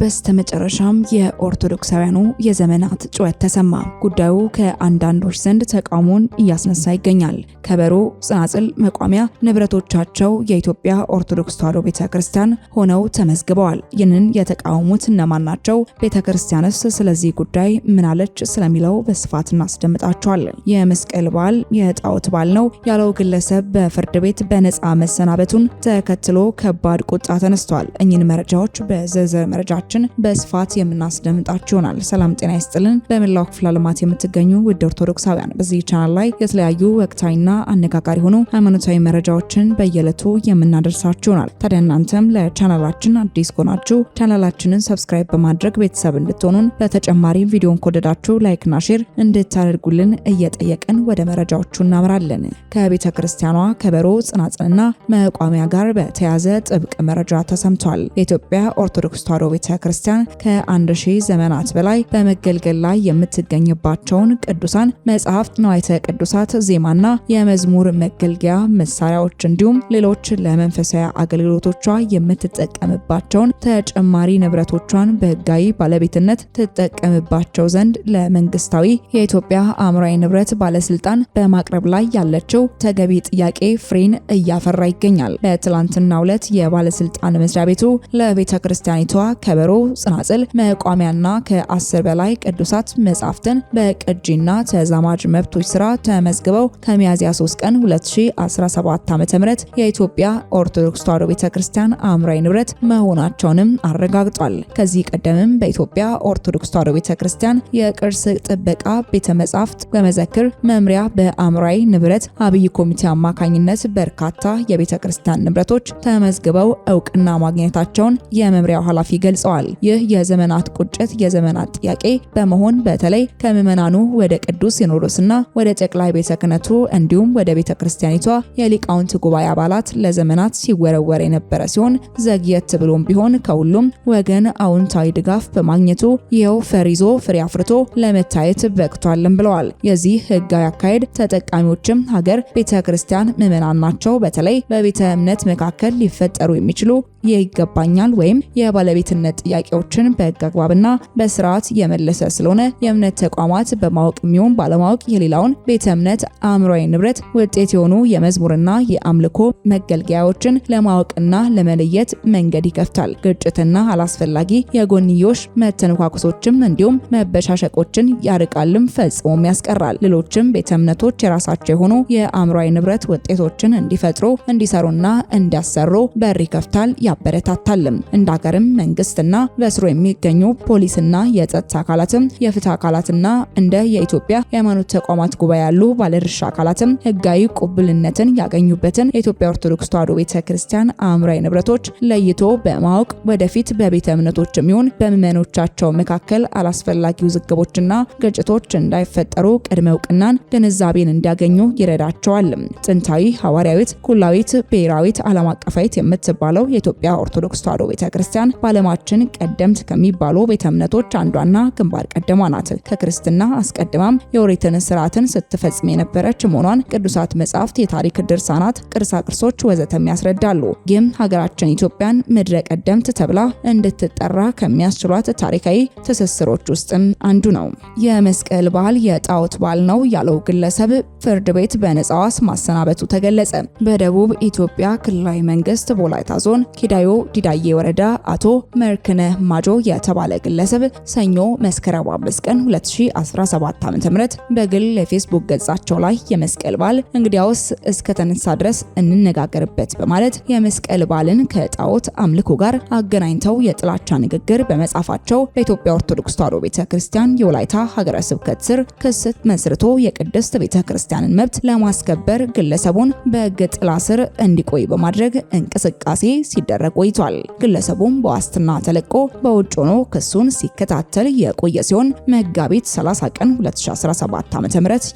በስተመጨረሻም የኦርቶዶክሳውያኑ የዘመናት ጩኸት ተሰማ። ጉዳዩ ከአንዳንዶች ዘንድ ተቃውሞን እያስነሳ ይገኛል። ከበሮ፣ ጽናጽል፣ መቋሚያ ንብረቶቻቸው የኢትዮጵያ ኦርቶዶክስ ተዋሕዶ ቤተ ክርስቲያን ሆነው ተመዝግበዋል። ይህንን የተቃወሙት እነማን ናቸው? ቤተ ክርስቲያንስ ስለዚህ ጉዳይ ምናለች? ስለሚለው በስፋት እናስደምጣል እንነግራችኋለን። የመስቀል በዓል የጣዖት በዓል ነው ያለው ግለሰብ በፍርድ ቤት በነፃ መሰናበቱን ተከትሎ ከባድ ቁጣ ተነስቷል። እኚህን መረጃዎች በዝርዝር መረጃችን በስፋት የምናስደምጣችሁ ይሆናል። ሰላም ጤና ይስጥልን። በመላው ክፍለ ዓለማት የምትገኙ ውድ ኦርቶዶክሳውያን በዚህ ቻናል ላይ የተለያዩ ወቅታዊና አነጋጋሪ የሆኑ ሃይማኖታዊ መረጃዎችን በየዕለቱ የምናደርሳችሁ ይሆናል። ታዲያ እናንተም ለቻናላችን አዲስ ከሆናችሁ ቻናላችንን ሰብስክራይብ በማድረግ ቤተሰብ እንድትሆኑን በተጨማሪም ቪዲዮን ከወደዳችሁ ላይክና ሼር እንድታደርጉልን እየጠየቅን ወደ መረጃዎቹ እናምራለን። ከቤተ ክርስቲያኗ ከበሮ ጽናጽንና መቋሚያ ጋር በተያዘ ጥብቅ መረጃ ተሰምቷል። የኢትዮጵያ ኦርቶዶክስ ተዋሕዶ ቤተ ክርስቲያን ከአንድ ሺህ ዘመናት በላይ በመገልገል ላይ የምትገኝባቸውን ቅዱሳን መጽሐፍት፣ ንዋይተ ቅዱሳት፣ ዜማና የመዝሙር መገልገያ መሳሪያዎች እንዲሁም ሌሎች ለመንፈሳዊ አገልግሎቶቿ የምትጠቀምባቸውን ተጨማሪ ንብረቶቿን በህጋዊ ባለቤትነት ትጠቀምባቸው ዘንድ ለመንግስታዊ የኢትዮጵያ አእምሮ የአእምሯዊ ንብረት ባለስልጣን በማቅረብ ላይ ያለችው ተገቢ ጥያቄ ፍሬን እያፈራ ይገኛል። በትላንትናው ዕለት የባለስልጣን መስሪያ ቤቱ ለቤተ ክርስቲያኒቷ ከበሮ፣ ጽናጽል፣ መቋሚያና ከአስር በላይ ቅዱሳት መጻሕፍትን በቅጂና ተዛማጅ መብቶች ስራ ተመዝግበው ከሚያዝያ 3 ቀን 2017 .ም የኢትዮጵያ ኦርቶዶክስ ተዋሕዶ ቤተ ክርስቲያን አእምሯዊ ንብረት መሆናቸውንም አረጋግጧል። ከዚህ ቀደምም በኢትዮጵያ ኦርቶዶክስ ተዋሕዶ ቤተ ክርስቲያን የቅርስ ጥበቃ ቤተ መጻሕፍት በመዘክር መምሪያ በአእምሯዊ ንብረት አብይ ኮሚቴ አማካኝነት በርካታ የቤተ ክርስቲያን ንብረቶች ተመዝግበው እውቅና ማግኘታቸውን የመምሪያው ኃላፊ ገልጸዋል። ይህ የዘመናት ቁጭት፣ የዘመናት ጥያቄ በመሆን በተለይ ከምዕመናኑ ወደ ቅዱስ ሲኖዶስና ወደ ጠቅላይ ቤተ ክህነቱ እንዲሁም ወደ ቤተ ክርስቲያኒቷ የሊቃውንት ጉባኤ አባላት ለዘመናት ሲወረወር የነበረ ሲሆን ዘግየት ብሎም ቢሆን ከሁሉም ወገን አውንታዊ ድጋፍ በማግኘቱ ይኸው ፈሪዞ ይዞ ፍሬ አፍርቶ ለመታየት በቅቷልም ብለዋል። የዚህ ህጋዊ አካሄድ ተጠቃሚዎችም ሀገር፣ ቤተ ክርስቲያን ምዕመናን ናቸው። በተለይ በቤተ እምነት መካከል ሊፈጠሩ የሚችሉ የይገባኛል ወይም የባለቤትነት ጥያቄዎችን በህግ አግባብና በስርዓት የመለሰ ስለሆነ የእምነት ተቋማት በማወቅ የሚሆን ባለማወቅ የሌላውን ቤተ እምነት አእምሯዊ ንብረት ውጤት የሆኑ የመዝሙርና የአምልኮ መገልገያዎችን ለማወቅና ለመለየት መንገድ ይከፍታል። ግጭትና አላስፈላጊ የጎንዮሽ መተነኳኩሶችም እንዲሁም መበሻሸቆችን ያርቃልም ፈጽሞም ያስቀ ይቀራል። ሌሎችም ቤተ እምነቶች የራሳቸው የሆኑ የአእምሯዊ ንብረት ውጤቶችን እንዲፈጥሩ እንዲሰሩና እንዲያሰሩ በር ይከፍታል፣ ያበረታታልም። እንደ ሀገርም መንግስትና በስሩ የሚገኙ ፖሊስና የጸጥታ አካላትም የፍትህ አካላትና እንደ የኢትዮጵያ የሃይማኖት ተቋማት ጉባኤ ያሉ ባለድርሻ አካላትም ህጋዊ ቁብልነትን ያገኙበትን የኢትዮጵያ ኦርቶዶክስ ተዋሕዶ ቤተ ክርስቲያን አእምሯዊ ንብረቶች ለይቶ በማወቅ ወደፊት በቤተ እምነቶችም ይሁን በምዕመኖቻቸው መካከል አላስፈላጊ ውዝግቦችና ግጭቶች እንዳይፈጠሩ ቅድመ እውቅናን፣ ግንዛቤን እንዲያገኙ ይረዳቸዋል። ጥንታዊ ሐዋርያዊት፣ ኩላዊት፣ ብሔራዊት፣ ዓለም አቀፋዊት የምትባለው የኢትዮጵያ ኦርቶዶክስ ተዋሕዶ ቤተክርስቲያን በዓለማችን ቀደምት ከሚባሉ ቤተ እምነቶች አንዷና ግንባር ቀደሟ ናት። ከክርስትና አስቀድማም የኦሪትን ስርዓትን ስትፈጽም የነበረች መሆኗን ቅዱሳት መጻሕፍት፣ የታሪክ ድርሳናት፣ ቅርሳ ቅርሶች ወዘተም ያስረዳሉ። ይህም ሀገራችን ኢትዮጵያን ምድረ ቀደምት ተብላ እንድትጠራ ከሚያስችሏት ታሪካዊ ትስስሮች ውስጥም አንዱ ነው። የመስቀል በዓል የጣ የአጎታዎት ባል ነው ያለው ግለሰብ ፍርድ ቤት በነፃ ማሰናበቱ ተገለጸ። በደቡብ ኢትዮጵያ ክልላዊ መንግስት ቦላይታ ዞን ኪዳዮ ዲዳዬ ወረዳ አቶ መርክነ ማጆ የተባለ ግለሰብ ሰኞ መስከረም 5 ቀን 2017 ዓ.ም በግል የፌስቡክ ገጻቸው ላይ የመስቀል በዓል እንግዲያውስ እስከ ተነሳ ድረስ እንነጋገርበት በማለት የመስቀል በዓልን ከጣዖት አምልኮ ጋር አገናኝተው የጥላቻ ንግግር በመጻፋቸው በኢትዮጵያ ኦርቶዶክስ ተዋሕዶ ቤተክርስቲያን የወላይታ ሀገረ ስብከት ስር ክስ ክስ መስርቶ የቅድስት ቤተ ክርስቲያንን መብት ለማስከበር ግለሰቡን በሕግ ጥላ ስር እንዲቆይ በማድረግ እንቅስቃሴ ሲደረግ ቆይቷል። ግለሰቡም በዋስትና ተለቆ በውጭ ሆኖ ክሱን ሲከታተል የቆየ ሲሆን መጋቢት 30 ቀን 2017 ዓ.ም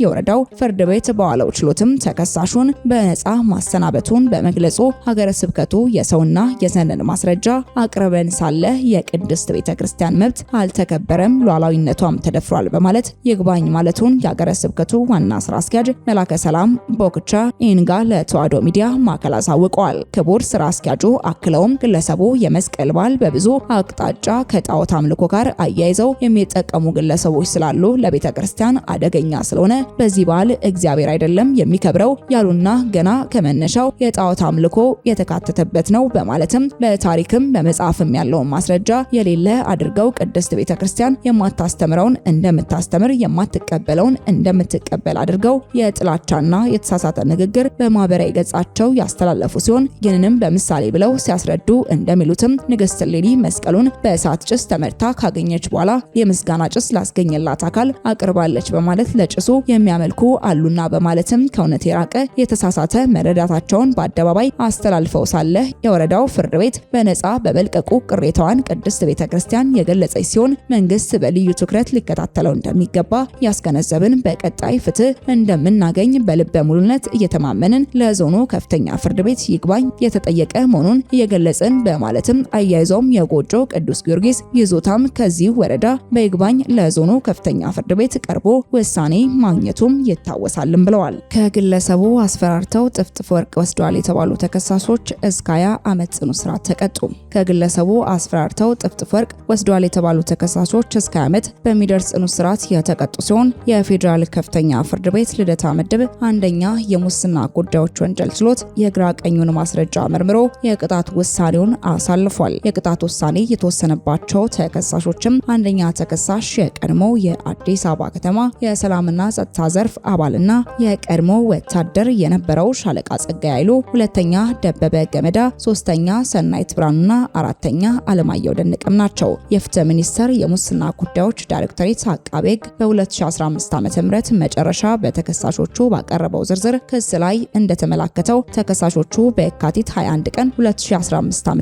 የወረዳው ፍርድ ቤት በዋለው ችሎትም ተከሳሹን በነፃ ማሰናበቱን በመግለጹ ሀገረ ስብከቱ የሰውና የሰነድ ማስረጃ አቅርበን ሳለ የቅድስት ቤተ ክርስቲያን መብት አልተከበረም፣ ሉዓላዊነቷም ተደፍሯል በማለት ይግባኝ ማለቱን መግለጹን የአገረ ስብከቱ ዋና ስራ አስኪያጅ መላከ ሰላም ቦክቻ ኢንጋ ለተዋሕዶ ሚዲያ ማዕከል አሳውቀዋል። ክቡር ስራ አስኪያጁ አክለውም ግለሰቡ የመስቀል በዓል በብዙ አቅጣጫ ከጣዖት አምልኮ ጋር አያይዘው የሚጠቀሙ ግለሰቦች ስላሉ ለቤተ ክርስቲያን አደገኛ ስለሆነ በዚህ በዓል እግዚአብሔር አይደለም የሚከብረው ያሉና ገና ከመነሻው የጣዖት አምልኮ የተካተተበት ነው በማለትም በታሪክም በመጽሐፍም ያለውን ማስረጃ የሌለ አድርገው ቅድስት ቤተ ክርስቲያን የማታስተምረውን እንደምታስተምር የማትቀበል የተቀበለውን እንደምትቀበል አድርገው የጥላቻና የተሳሳተ ንግግር በማህበራዊ ገጻቸው ያስተላለፉ ሲሆን ይህንንም በምሳሌ ብለው ሲያስረዱ እንደሚሉትም ንግስት እሌኒ መስቀሉን በእሳት ጭስ ተመርታ ካገኘች በኋላ የምስጋና ጭስ ላስገኘላት አካል አቅርባለች በማለት ለጭሱ የሚያመልኩ አሉና በማለትም ከእውነት የራቀ የተሳሳተ መረዳታቸውን በአደባባይ አስተላልፈው ሳለ የወረዳው ፍርድ ቤት በነጻ በበልቀቁ ቅሬታዋን ቅድስት ቤተ ክርስቲያን የገለጸች ሲሆን መንግስት በልዩ ትኩረት ሊከታተለው እንደሚገባ ያስገነዘ ገንዘብን በቀጣይ ፍትህ እንደምናገኝ በልበ ሙሉነት እየተማመንን ለዞኑ ከፍተኛ ፍርድ ቤት ይግባኝ የተጠየቀ መሆኑን እየገለጽን በማለትም አያይዘውም የጎጆ ቅዱስ ጊዮርጊስ ይዞታም ከዚህ ወረዳ በይግባኝ ለዞኑ ከፍተኛ ፍርድ ቤት ቀርቦ ውሳኔ ማግኘቱም ይታወሳልም ብለዋል። ከግለሰቡ አስፈራርተው ጥፍጥፍ ወርቅ ወስደዋል የተባሉ ተከሳሾች እስከ 20 ዓመት ጽኑ እስራት ተቀጡ። ከግለሰቡ አስፈራርተው ጥፍጥፍ ወርቅ ወስደዋል የተባሉ ተከሳሾች እስከ ዓመት በሚደርስ ጽኑ እስራት የተቀጡ ሲሆን የፌዴራል ከፍተኛ ፍርድ ቤት ልደታ ምድብ አንደኛ የሙስና ጉዳዮች ወንጀል ችሎት የግራ ቀኙን ማስረጃ መርምሮ የቅጣት ውሳኔውን አሳልፏል። የቅጣት ውሳኔ የተወሰነባቸው ተከሳሾችም አንደኛ ተከሳሽ የቀድሞ የአዲስ አበባ ከተማ የሰላምና ጸጥታ ዘርፍ አባልና የቀድሞ ወታደር የነበረው ሻለቃ ጸጋ ያይሉ፣ ሁለተኛ ደበበ ገመዳ፣ ሶስተኛ ሰናይት ብርሃኑና አራተኛ አለማየሁ ደንቅም ናቸው። የፍትህ ሚኒስቴር የሙስና ጉዳዮች ዳይሬክቶሬት አቃቤ በ2015 2015 ዓ.ም መጨረሻ በተከሳሾቹ ባቀረበው ዝርዝር ክስ ላይ እንደተመላከተው ተከሳሾቹ በየካቲት 21 ቀን 2015 ዓ.ም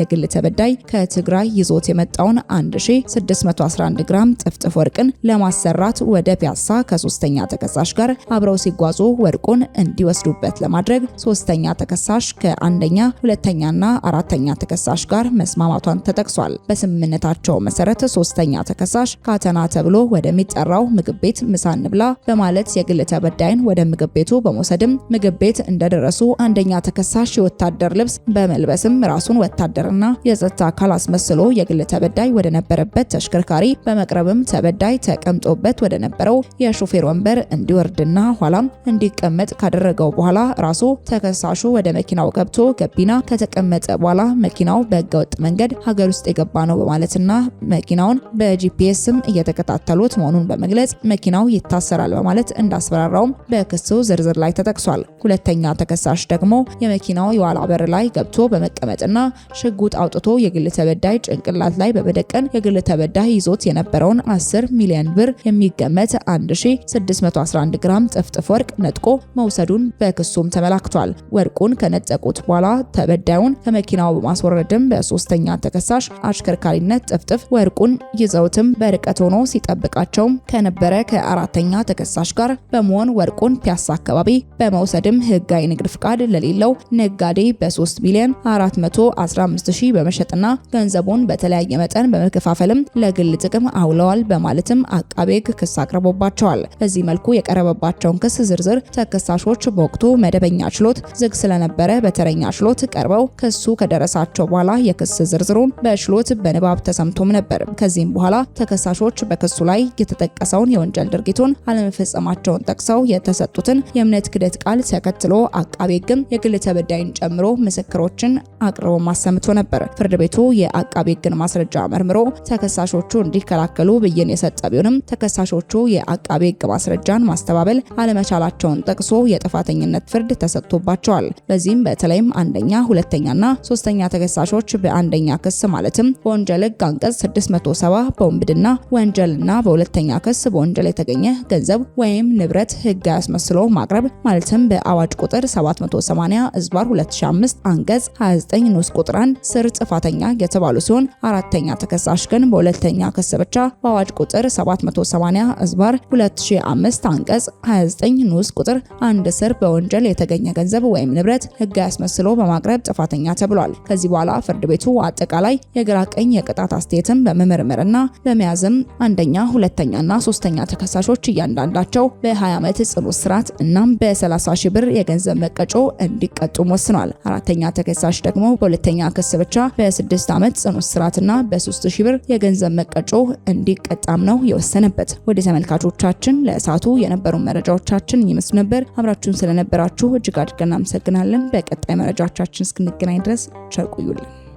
የግል ተበዳይ ከትግራይ ይዞት የመጣውን 1611 ግራም ጥፍጥፍ ወርቅን ለማሰራት ወደ ፒያሳ ከሶስተኛ ተከሳሽ ጋር አብረው ሲጓዙ ወርቁን እንዲወስዱበት ለማድረግ ሶስተኛ ተከሳሽ ከአንደኛ ሁለተኛና አራተኛ ተከሳሽ ጋር መስማማቷን ተጠቅሷል። በስምምነታቸው መሰረት ሶስተኛ ተከሳሽ ካተና ተብሎ ወደሚጠራው ምግብ ቤት ምሳ እንብላ በማለት የግል ተበዳይን ወደ ምግብ ቤቱ በመውሰድም ምግብ ቤት እንደደረሱ አንደኛ ተከሳሽ የወታደር ልብስ በመልበስም ራሱን ወታደርና የጸጥታ አካል አስመስሎ የግል ተበዳይ ወደ ነበረበት ተሽከርካሪ በመቅረብም ተበዳይ ተቀምጦበት ወደ ነበረው የሾፌር ወንበር እንዲወርድና ኋላም እንዲቀመጥ ካደረገው በኋላ ራሱ ተከሳሹ ወደ መኪናው ገብቶ ገቢና ከተቀመጠ በኋላ መኪናው በህገወጥ መንገድ ሀገር ውስጥ የገባ ነው በማለትና መኪናውን በጂፒኤስም እየተከታተሉት መሆኑን በመግለጽ መኪና መኪናው ይታሰራል በማለት እንዳስፈራራውም በክሱ ዝርዝር ላይ ተጠቅሷል። ሁለተኛ ተከሳሽ ደግሞ የመኪናው የኋላ በር ላይ ገብቶ በመቀመጥና ሽጉጥ አውጥቶ የግል ተበዳይ ጭንቅላት ላይ በመደቀን የግል ተበዳይ ይዞት የነበረውን 10 ሚሊዮን ብር የሚገመት 1611 ግራም ጥፍጥፍ ወርቅ ነጥቆ መውሰዱን በክሱም ተመላክቷል። ወርቁን ከነጠቁት በኋላ ተበዳዩን ከመኪናው በማስወረድም በሶስተኛ ተከሳሽ አሽከርካሪነት ጥፍጥፍ ወርቁን ይዘውትም በርቀት ሆኖ ሲጠብቃቸውም ከነበረ ከአራተኛ ተከሳሽ ጋር በመሆን ወርቁን ፒያሳ አካባቢ በመውሰድም ህጋዊ ንግድ ፍቃድ ለሌለው ነጋዴ በ3 ሚሊዮን 415 ሺህ በመሸጥና ገንዘቡን በተለያየ መጠን በመከፋፈልም ለግል ጥቅም አውለዋል በማለትም አቃቤ ህግ ክስ አቅርቦባቸዋል። በዚህ መልኩ የቀረበባቸውን ክስ ዝርዝር ተከሳሾች በወቅቱ መደበኛ ችሎት ዝግ ስለነበረ በተረኛ ችሎት ቀርበው ክሱ ከደረሳቸው በኋላ የክስ ዝርዝሩን በችሎት በንባብ ተሰምቶም ነበር። ከዚህም በኋላ ተከሳሾች በክሱ ላይ የተጠቀሰውን የወንጀል የወንጀል ድርጊቱን አለመፈጸማቸውን ጠቅሰው የተሰጡትን የእምነት ክደት ቃል ተከትሎ አቃቤ ሕግም የግል ተበዳይን ጨምሮ ምስክሮችን አቅርቦ ማሰምቶ ነበር። ፍርድ ቤቱ የአቃቤ ሕግን ማስረጃ መርምሮ ተከሳሾቹ እንዲከላከሉ ብይን የሰጠ ቢሆንም ተከሳሾቹ የአቃቤ ሕግ ማስረጃን ማስተባበል አለመቻላቸውን ጠቅሶ የጥፋተኝነት ፍርድ ተሰጥቶባቸዋል። በዚህም በተለይም አንደኛ፣ ሁለተኛና ሶስተኛ ተከሳሾች በአንደኛ ክስ ማለትም በወንጀል ሕግ አንቀጽ 670 በወንብድና ወንጀልና በሁለተኛ ክስ በወንጀል የተገኘ ገንዘብ ወይም ንብረት ህግ አስመስሎ ማቅረብ ማለትም በአዋጅ ቁጥር 780 እዝባር 2005 አንቀጽ 29 ንዑስ ቁጥር 1 ስር ጥፋተኛ የተባሉ ሲሆን አራተኛ ተከሳሽ ግን በሁለተኛ ክስ ብቻ በአዋጅ ቁጥር 780 እዝባር 2005 አንቀጽ 29 ንዑስ ቁጥር አንድ ስር በወንጀል የተገኘ ገንዘብ ወይም ንብረት ህግ አስመስሎ በማቅረብ ጥፋተኛ ተብሏል። ከዚህ በኋላ ፍርድ ቤቱ አጠቃላይ የግራ ቀኝ የቅጣት አስተያየትን በመመርመርና በመያዝም አንደኛ፣ ሁለተኛና ሶስተኛ ተከሳሾች እያንዳንዳቸው በ20 ዓመት ጽኑ እስራት እናም በ30 ሺህ ብር የገንዘብ መቀጮ እንዲቀጡም ወስኗል። አራተኛ ተከሳሽ ደግሞ በሁለተኛ ክስ ብቻ በ6 ዓመት ጽኑ እስራትና በ3 ሺህ ብር የገንዘብ መቀጮ እንዲቀጣም ነው የወሰነበት። ወደ ተመልካቾቻችን ለእሳቱ የነበሩ መረጃዎቻችን ይመስሉ ነበር። አብራችሁን ስለነበራችሁ እጅግ አድርገን አመሰግናለን። በቀጣይ መረጃዎቻችን እስክንገናኝ ድረስ ቸር ቆዩልን።